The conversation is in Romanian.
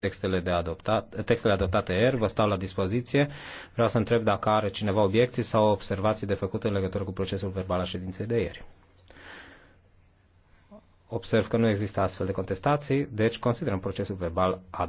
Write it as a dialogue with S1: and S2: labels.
S1: textele, de adoptat, textele adoptate ieri, vă stau la dispoziție. Vreau să întreb dacă are cineva obiecții sau observații de făcut în legătură cu procesul verbal a ședinței de ieri. Observ că nu există astfel de contestații, deci considerăm procesul verbal adoptat.